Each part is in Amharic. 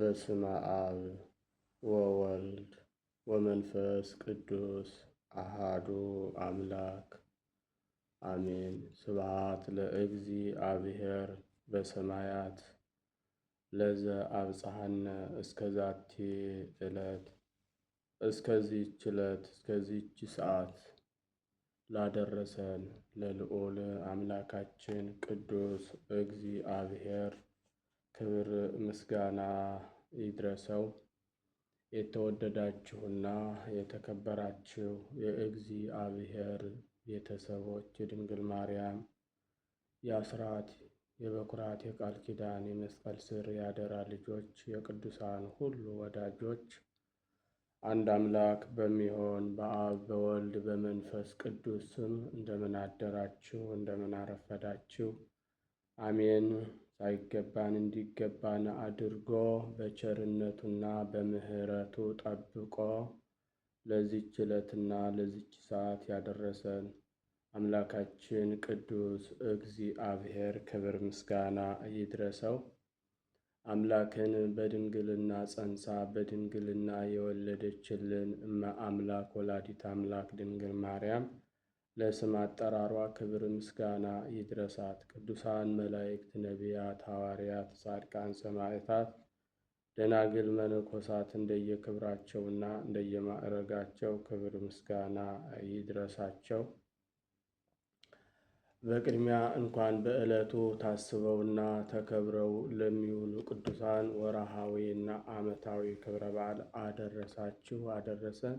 በስመ አብ ወወልድ ወመንፈስ ቅዱስ አሃዱ አምላክ አሜን። ስብሐት ለእግዚአብሔር በሰማያት ለዘ አብጽሐነ እስከ ዛቲ ዕለት እስከዚች ዕለት እስከዚች ሰዓት ላደረሰን ለልዑል አምላካችን ቅዱስ እግዚአብሔር ክብር ምስጋና ይድረሰው። የተወደዳችሁና የተከበራችሁ የእግዚአብሔር ቤተሰቦች የድንግል ማርያም የአስራት የበኩራት የቃል ኪዳን የመስቀል ስር የአደራ ልጆች የቅዱሳን ሁሉ ወዳጆች አንድ አምላክ በሚሆን በአብ በወልድ በመንፈስ ቅዱስ ስም እንደምን አደራችሁ፣ እንደምን አረፈዳችሁ። አሜን። ሳይገባን እንዲገባን አድርጎ በቸርነቱና በምሕረቱ ጠብቆ ለዚች ዕለትና ለዚች ሰዓት ያደረሰን አምላካችን ቅዱስ እግዚአብሔር ክብር ምስጋና ይድረሰው። አምላክን በድንግልና ጸንሳ በድንግልና የወለደችልን እመ አምላክ ወላዲት አምላክ ድንግል ማርያም ለስም አጠራሯ ክብር ምስጋና ይድረሳት። ቅዱሳን መላእክት፣ ነቢያት፣ ሐዋርያት፣ ጻድቃን፣ ሰማዕታት፣ ደናግል፣ መነኮሳት እንደየክብራቸውና እንደየማዕረጋቸው ክብር ምስጋና ይድረሳቸው። በቅድሚያ እንኳን በዕለቱ ታስበውና ተከብረው ለሚውሉ ቅዱሳን ወርሃዊ እና ዓመታዊ ክብረ በዓል አደረሳችሁ አደረሰን።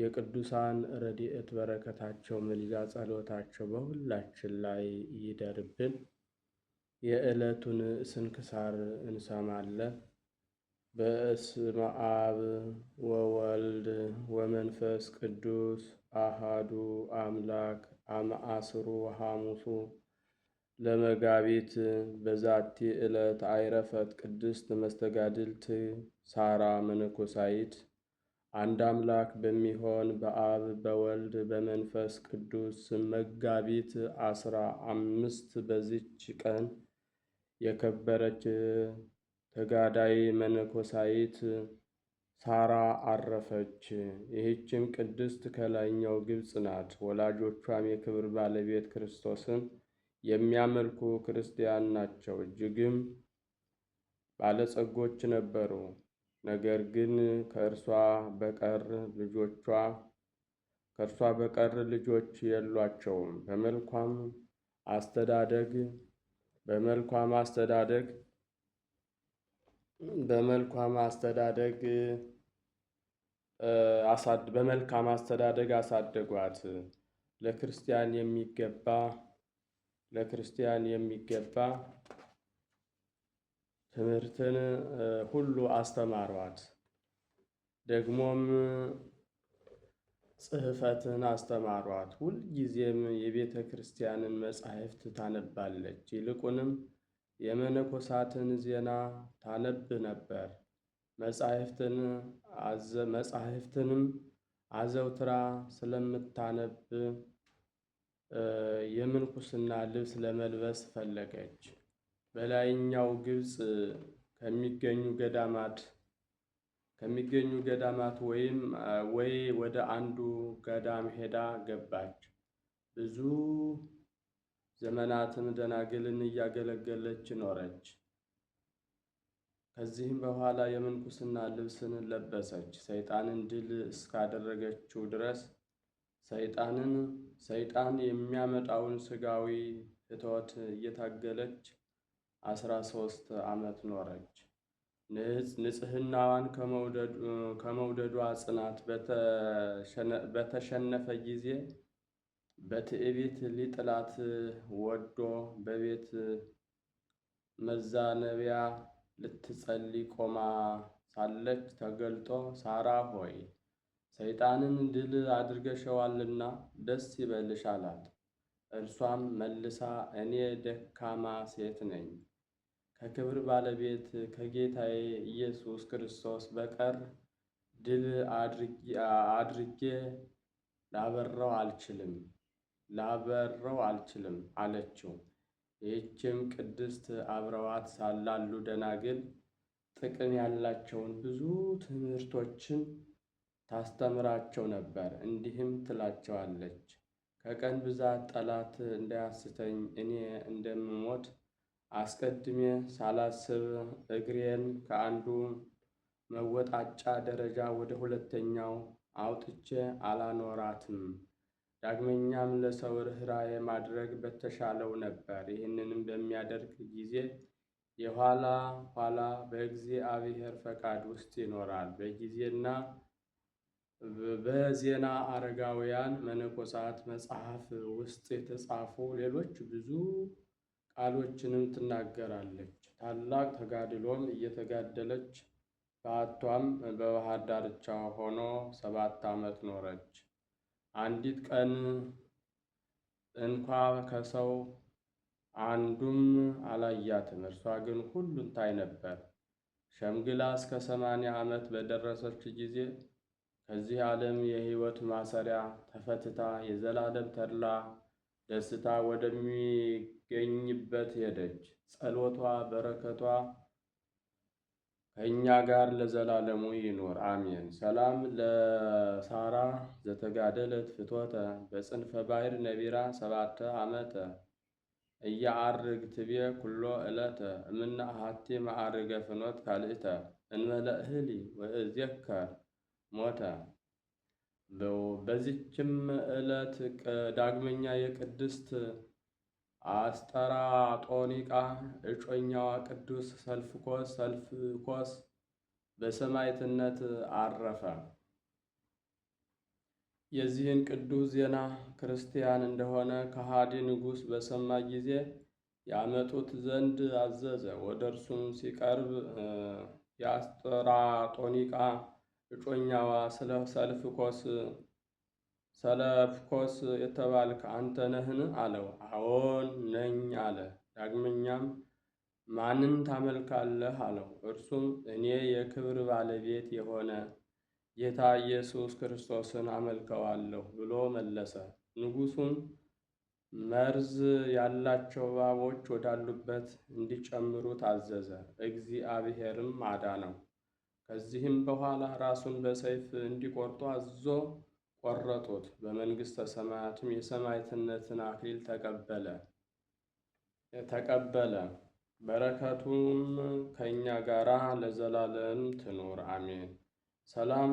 የቅዱሳን ረድኤት በረከታቸው ምልጃ ጸሎታቸው በሁላችን ላይ ይደርብን። የዕለቱን ስንክሳር እንሰማለን። በስመ አብ ወወልድ ወመንፈስ ቅዱስ አሃዱ አምላክ አመ ሃሙሱ ለመጋቢት በዛቲ ዕለት አይረፈት ቅድስት መስተጋድልት ሳራ መነኮሳይት አንድ አምላክ በሚሆን በአብ በወልድ በመንፈስ ቅዱስ መጋቢት አስራ አምስት በዚች ቀን የከበረች ተጋዳይ መነኮሳይት ሳራ አረፈች። ይህችም ቅድስት ከላይኛው ግብፅ ናት። ወላጆቿም የክብር ባለቤት ክርስቶስን የሚያመልኩ ክርስቲያን ናቸው። እጅግም ባለጸጎች ነበሩ። ነገር ግን ከእርሷ በቀር ልጆቿ ከእርሷ በቀር ልጆች የሏቸውም። በመልኳም አስተዳደግ በመልኳም አስተዳደግ በመልኳም አስተዳደግ በመልካም አስተዳደግ አሳደጓት። ለክርስቲያን የሚገባ ለክርስቲያን የሚገባ ትምህርትን ሁሉ አስተማሯት። ደግሞም ጽሕፈትን አስተማሯት። ሁልጊዜም የቤተ ክርስቲያንን መጻሕፍት ታነባለች። ይልቁንም የመነኮሳትን ዜና ታነብ ነበር። መጻሕፍትንም አዘውትራ ስለምታነብ የምንኩስና ልብስ ለመልበስ ፈለገች። በላይኛው ግብፅ ከሚገኙ ገዳማት ከሚገኙ ገዳማት ወይም ወይ ወደ አንዱ ገዳም ሄዳ ገባች። ብዙ ዘመናትን ደናግልን እያገለገለች ኖረች። ከዚህም በኋላ የምንኩስና ልብስን ለበሰች። ሰይጣንን ድል እስካደረገችው ድረስ ሰይጣንን ሰይጣን የሚያመጣውን ስጋዊ ፍትወት እየታገለች አስራ ሶስት ዓመት ኖረች። ንጽህናዋን ከመውደዷ ጽናት በተሸነፈ ጊዜ በትዕቢት ሊጥላት ወዶ በቤት መዛነቢያ ልትጸልይ ቆማ ሳለች ተገልጦ ሳራ ሆይ ሰይጣንን ድል አድርገሸዋልና ደስ ይበልሽ አላት። እርሷም መልሳ እኔ ደካማ ሴት ነኝ ከክብር ባለቤት ከጌታዬ ኢየሱስ ክርስቶስ በቀር ድል አድርጌ ላበረው አልችልም ላበረው አልችልም አለችው። ይህችም ቅድስት አብረዋት ሳላሉ ደናግል ጥቅም ያላቸውን ብዙ ትምህርቶችን ታስተምራቸው ነበር። እንዲህም ትላቸዋለች ከቀን ብዛት ጠላት እንዳያስተኝ እኔ እንደምሞት አስቀድሜ ሳላስብ እግሬን ከአንዱ መወጣጫ ደረጃ ወደ ሁለተኛው አውጥቼ አላኖራትም። ዳግመኛም ለሰው ርኅራኄ ማድረግ በተሻለው ነበር። ይህንንም በሚያደርግ ጊዜ የኋላ ኋላ በእግዚአብሔር ፈቃድ ውስጥ ይኖራል። በጊዜና በዜና አረጋውያን መነኮሳት መጽሐፍ ውስጥ የተጻፉ ሌሎች ብዙ ቃሎችንም ትናገራለች። ታላቅ ተጋድሎም እየተጋደለች በአቷም በባህር ዳርቻ ሆኖ ሰባት ዓመት ኖረች። አንዲት ቀን እንኳ ከሰው አንዱም አላያትም። እርሷ ግን ሁሉን ታይ ነበር። ሸምግላ እስከ ሰማንያ ዓመት በደረሰች ጊዜ ከዚህ ዓለም የሕይወት ማሰሪያ ተፈትታ የዘላለም ተድላ ደስታ ወደሚ ገኝበት ሄደች። ጸሎቷ በረከቷ ከእኛ ጋር ለዘላለሙ ይኑር አሜን። ሰላም ለሳራ ዘተጋደለት ፍቶተ በጽንፈ ባሕር ነቢራ ሰባተ ዓመተ እያአርግ ትቤ ኩሎ ዕለተ እምና አሐቲ ማዕርገ ፍኖት ካልእተ እንበለ እህሊ ሞተ። በዚችም ዕለት ዳግመኛ የቅድስት ጦኒቃ እጮኛዋ ቅዱስ ሰልፍኮስ ሰልፍኮስ በሰማይትነት አረፈ። የዚህን ቅዱስ ዜና ክርስቲያን እንደሆነ ከሃዲ ንጉሥ በሰማ ጊዜ ያመጡት ዘንድ አዘዘ። ወደ እርሱም ሲቀርብ የአስጠራጦኒቃ እጮኛዋ ስለ ሰልፍኮስ ሰለፍኮስ የተባልክ አንተ ነህን? አለው። አዎን ነኝ አለ። ዳግመኛም ማንን ታመልካለህ? አለው። እርሱም እኔ የክብር ባለቤት የሆነ ጌታ ኢየሱስ ክርስቶስን አመልከዋለሁ ብሎ መለሰ። ንጉሱም መርዝ ያላቸው እባቦች ወዳሉበት እንዲጨምሩ ታዘዘ። እግዚአብሔርም አዳነው። ከዚህም በኋላ ራሱን በሰይፍ እንዲቆርጡ አዞ ቆረጡት። በመንግሥተ ሰማያትም የሰማዕትነትን አክሊል ተቀበለ ተቀበለ። በረከቱም ከእኛ ጋራ ለዘላለም ትኑር አሜን። ሰላም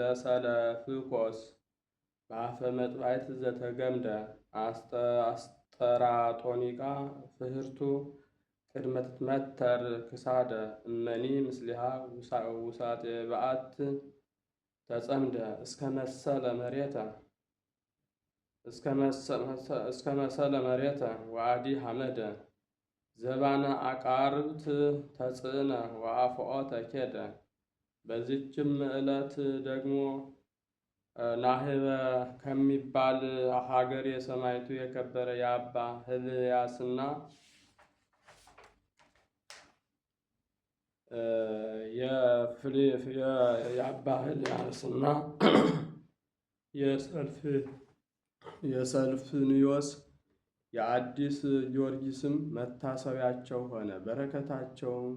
ለሰለፍኮስ በአፈ መጥባይት ዘተገምደ አስጠራጦኒቃ ፍህርቱ ቅድመ ትትመተር ክሳደ እመኒ ምስሊሃ ውሳጤ በአት ተጸምደ እስከመሰለ መሬታ እስከመሰለ መሬታ ወአዲ ሐመደ ዘባነ አቃርብት ተጽዕነ ወአፍዖ ተኬደ። በዚችም ዕለት ደግሞ ናህበ ከሚባል ሀገር የሰማይቱ የከበረ የአባ ህልያስና የሰልፍ የአዲስ ጊዮርጊስም መታሰቢያቸው ሆነ። በረከታቸውም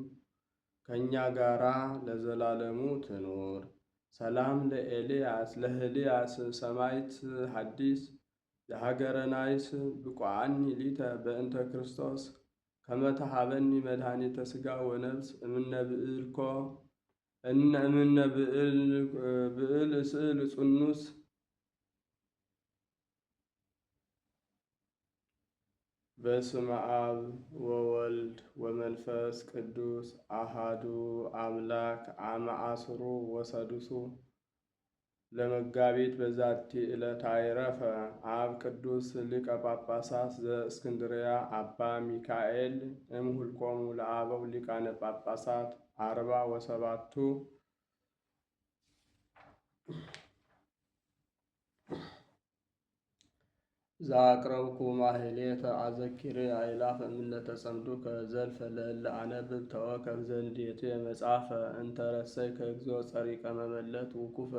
ከእኛ ጋራ ለዘላለሙ ትኑር። ሰላም ለኤልያስ ለሕልያስ ሰማይት ሐዲስ ለሀገረ ናይስ ሊተ በእንተ ክርስቶስ ከመተሃበኒ መድኃኒተ ሥጋ ወነብስ እምነ ብዕል እምነ ብዕል ስዕል ጽኑስ በስመ አብ ወወልድ ወመንፈስ ቅዱስ አሃዱ አምላክ አመ ወሰዱሱ ለመጋቢት በዛቲ ዕለት አይረፈ አብ ቅዱስ ሊቀ ጳጳሳት ዘእስክንድርያ አባ ሚካኤል እምሁልቆሙ ለአበው ሊቃነ ጳጳሳት አርባ ወሰባቱ ዛቅረብኩ ማህሌተ አዘኪሬ አእላፍ እምነተ ጸምዱከ ዘልፈ ለእለ አነብብ ተወከፍ ዘንዴቴ መጻፈ እንተረሰይ ከእግዚኦ ጸሪቀ መመለት ውኩፈ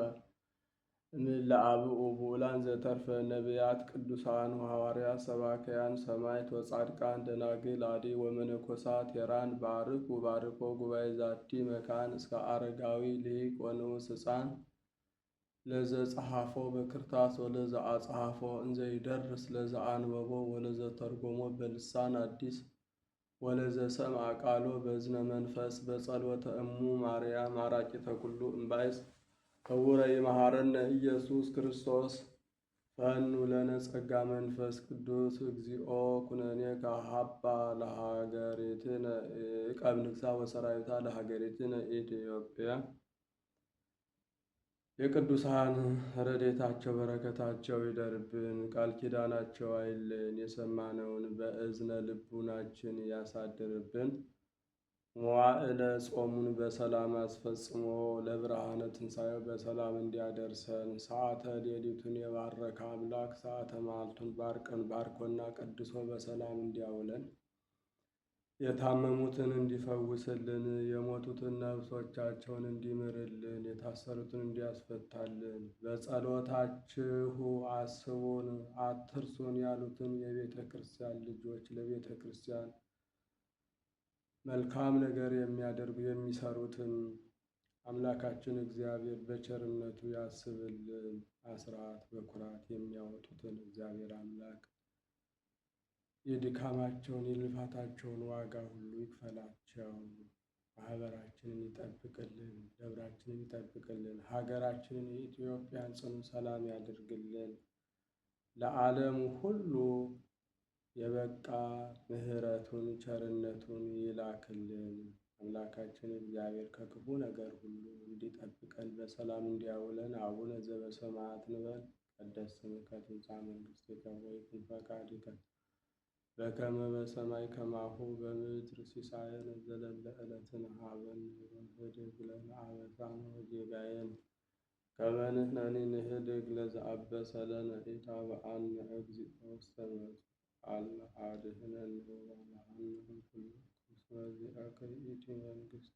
ለአብ ቡላን ዘተርፈ ነቢያት ቅዱሳን ሐዋርያት ሰባከያን ሰማይት ወጻድቃን ደናግል አዲ ወመነኮሳት የራን ባርክ ባርኮ ጉባኤ ዛቲ መካን እስከ አረጋዊ ልሂቅ ወንዑስ ሕፃን ለዘ ጸሐፎ በክርታስ ወለዘ አጽሐፎ እንዘ ይደርስ ለዘ አንበቦ ወለዘ ተርጎሞ በልሳን አዲስ ወለዘ ሰምዐ ቃሎ በዝነ መንፈስ በጸሎተ እሙ ማርያም አራቂተ ኩሉ እምባይስ ክቡረ ይመሐረነ ኢየሱስ ክርስቶስ ፈኑ ለነ ጸጋ መንፈስ ቅዱስ እግዚኦ ኩነኔ ከሀባ ቀብ ቀብንግሳ ወሰራዊታ ለሀገሪትነ ኢትዮጵያ የቅዱሳን ረዴታቸው በረከታቸው ይደርብን፣ ቃል ኪዳናቸው አይልን፣ የሰማነውን በእዝነ ልቡናችን ያሳድርብን። መዋዕለ ጾሙን በሰላም አስፈጽሞ ለብርሃነ ትንሣኤው በሰላም እንዲያደርሰን ሰዓተ ሌሊቱን የባረከ አምላክ ሰዓተ ማልቱን ባርቀን ባርኮና ቀድሶ በሰላም እንዲያውለን የታመሙትን እንዲፈውስልን የሞቱትን ነፍሶቻቸውን እንዲምርልን የታሰሩትን እንዲያስፈታልን በጸሎታችሁ አስቡን አትርሱን ያሉትን የቤተ ክርስቲያን ልጆች ለቤተ ክርስቲያን መልካም ነገር የሚያደርጉ የሚሰሩትን አምላካችን እግዚአብሔር በቸርነቱ ያስብልን። አስራት በኩራት የሚያወጡትን እግዚአብሔር አምላክ የድካማቸውን የልፋታቸውን ዋጋ ሁሉ ይክፈላቸው። ማህበራችንን ይጠብቅልን፣ ደብራችንን ይጠብቅልን፣ ሀገራችንን የኢትዮጵያን ጽኑ ሰላም ያድርግልን። ለዓለም ሁሉ የበቃ ምሕረቱን ቸርነቱን ይላክልን። አምላካችን እግዚአብሔር ከክፉ ነገር ሁሉ እንዲጠብቀን በሰላም እንዲያውለን። አቡነ ዘበሰማያት ንበል። ይትቀደስ ስምከ ትምጻእ መንግሥትከ ወይኩን ፈቃድከ በከመ በሰማይ ከማሁ በምድር ሲሳየነ ዘለለ ዕለትነ ሀበነ ወኅድግ ለነ አበሳነ ወጌጋየነ ከመ ንሕነኒ ንኅድግ ለዘአበሰ ለነ ኢታብአነ እግዚኦ ውስተ ምሕረት አልመሃድ ህለን መንግስት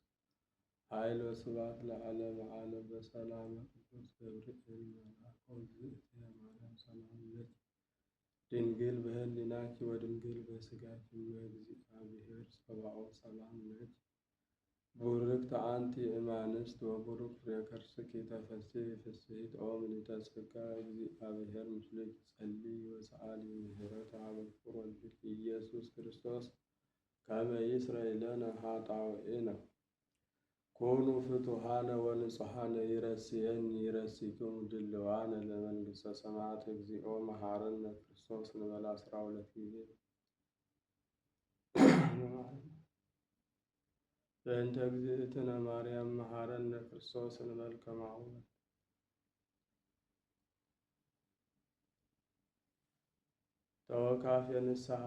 ኃይል ወስብሐት ለዓለመ ዓለም በሰላም ቅዱስ ገብርኤል መልአክ ዝእቲ ማርያም ሰላም ለኪ ድንግል በህሊናኪ ወድንግል በስጋኪ እግዚአብሔር ሰብአው ሰላም ለኪ ቡርክት አንቲ እማንስት ወቡሩክ ፍሬ ከርስኪ ተፈሥሒ ፍሥሕት ኦ ምልዕተ ጸጋ እግዚአብሔር ምስሌኪ ጸልዪ ወሰአሊ ምሕረተ አበኩር ወልድኪ ኢየሱስ ክርስቶስ ከመ ይሥረይ ለነ ኃጣውኢነ ኮኑ ፍቱሃነ ወንጹሃነ ይረስየኒ ይረሲክሙ ድልዋነ ለመንግሥተ ሰማያት እግዚኦ መሐረነ ክርስቶስ ንበል አስራ ሁለት ጊዜ በእንተ እግዝእትነ ማርያም መሐረነ ክርስቶስ እንበልከ ማሁነ ተወካፌ የንስሐ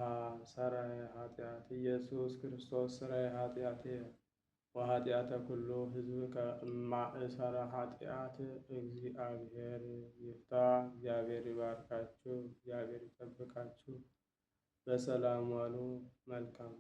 ሰራይ ኃጢአት ኢየሱስ ክርስቶስ ስራይ ኃጢአት ወኃጢአተ ኩሉ ህዝብ ከማእሰረ ኃጢአት እግዚአብሔር ይፍታ። እግዚአብሔር ይባርካችሁ፣ እግዚአብሔር ይጠብቃችሁ። በሰላም ዋሉ። መልካም